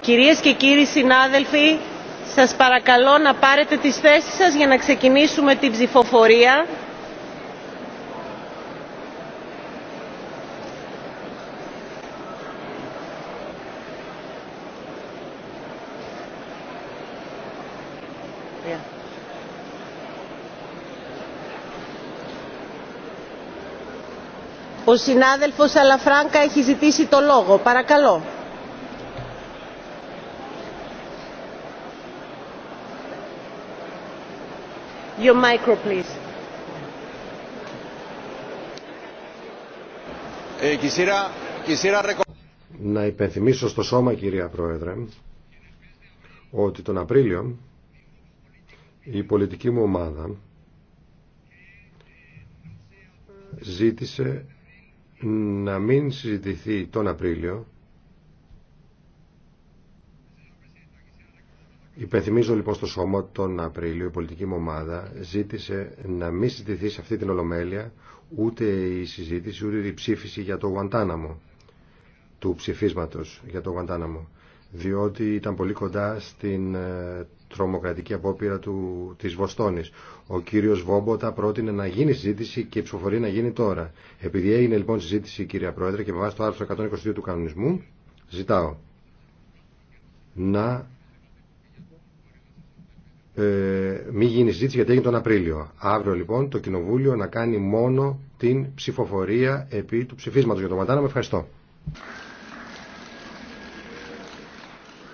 Κυρίες και κύριοι συνάδελφοι, σας παρακαλώ να πάρετε τις θέσεις σας για να ξεκινήσουμε την ψηφοφορία. Ο συνάδελφος Αλαφράνκα έχει ζητήσει το λόγο. Παρακαλώ. Your micro, please. Ε, Να υπενθυμίσω στο σώμα, κυρία Πρόεδρε, ότι τον Απρίλιο η πολιτική μου ομάδα ζήτησε να μην συζητηθεί τον Απρίλιο. Υπενθυμίζω λοιπόν στο σώμα τον Απρίλιο η πολιτική μου ομάδα ζήτησε να μην συζητηθεί σε αυτή την Ολομέλεια ούτε η συζήτηση ούτε η ψήφιση για το Γουαντάναμο του ψηφίσματος για το Γουαντάναμο διότι ήταν πολύ κοντά στην ε, τρομοκρατική απόπειρα του, της Βοστόνης. Ο κύριος Βόμποτα πρότεινε να γίνει συζήτηση και η ψηφοφορία να γίνει τώρα. Επειδή έγινε λοιπόν συζήτηση κυρία Πρόεδρε και με βάση το άρθρο 122 του κανονισμού ζητάω να ε, μην γίνει συζήτηση γιατί έγινε τον Απρίλιο. Αύριο λοιπόν το Κοινοβούλιο να κάνει μόνο την ψηφοφορία επί του ψηφίσματος για το Μαντάνα. Με ευχαριστώ.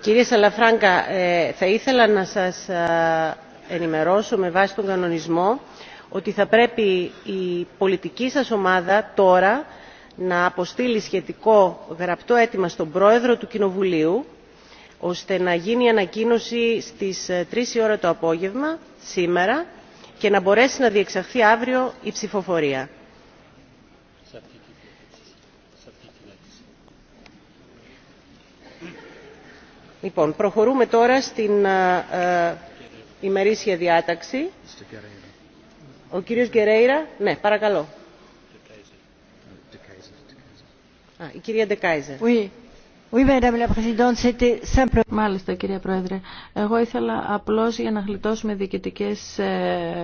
Κύριε Σαλαφράγκα, ε, θα ήθελα να σας ε, ενημερώσω με βάση τον κανονισμό ότι θα πρέπει η πολιτική σας ομάδα τώρα να αποστείλει σχετικό γραπτό αίτημα στον Πρόεδρο του Κοινοβουλίου ώστε να γίνει η ανακοίνωση στις 3 ε, η ώρα το απόγευμα σήμερα και να μπορέσει να διεξαχθεί αύριο η ψηφοφορία. Λοιπόν, προχωρούμε τώρα στην ε, ε, ημερήσια διάταξη. Ο κύριος Γκερέιρα, ναι, παρακαλώ. Α, η κυρία Ντεκάιζερ. Oui. Oui, Madame la simple. Μάλιστα, κυρία Πρόεδρε. Εγώ ήθελα απλώς για να γλιτώσουμε διοικητικές ε,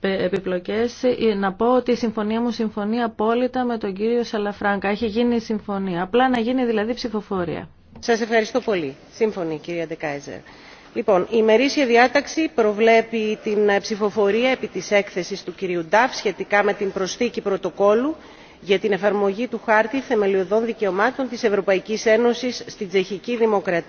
επιπλοκές να πω ότι η συμφωνία μου συμφωνεί απόλυτα με τον κύριο Σαλαφράγκα. Έχει γίνει η συμφωνία. Απλά να γίνει δηλαδή ψηφοφορία. Σας ευχαριστώ πολύ. Σύμφωνη κυρία Ντεκάιζερ. Λοιπόν, η ημερήσια διάταξη προβλέπει την ε, ψηφοφορία επί της έκθεσης του κυρίου Νταφ σχετικά με την προσθήκη πρωτοκόλου για την εφαρμογή του Χάρτη Θεμελιωδών Δικαιωμάτων της Ευρωπαϊκής Ένωσης στην Τσεχική Δημοκρατία.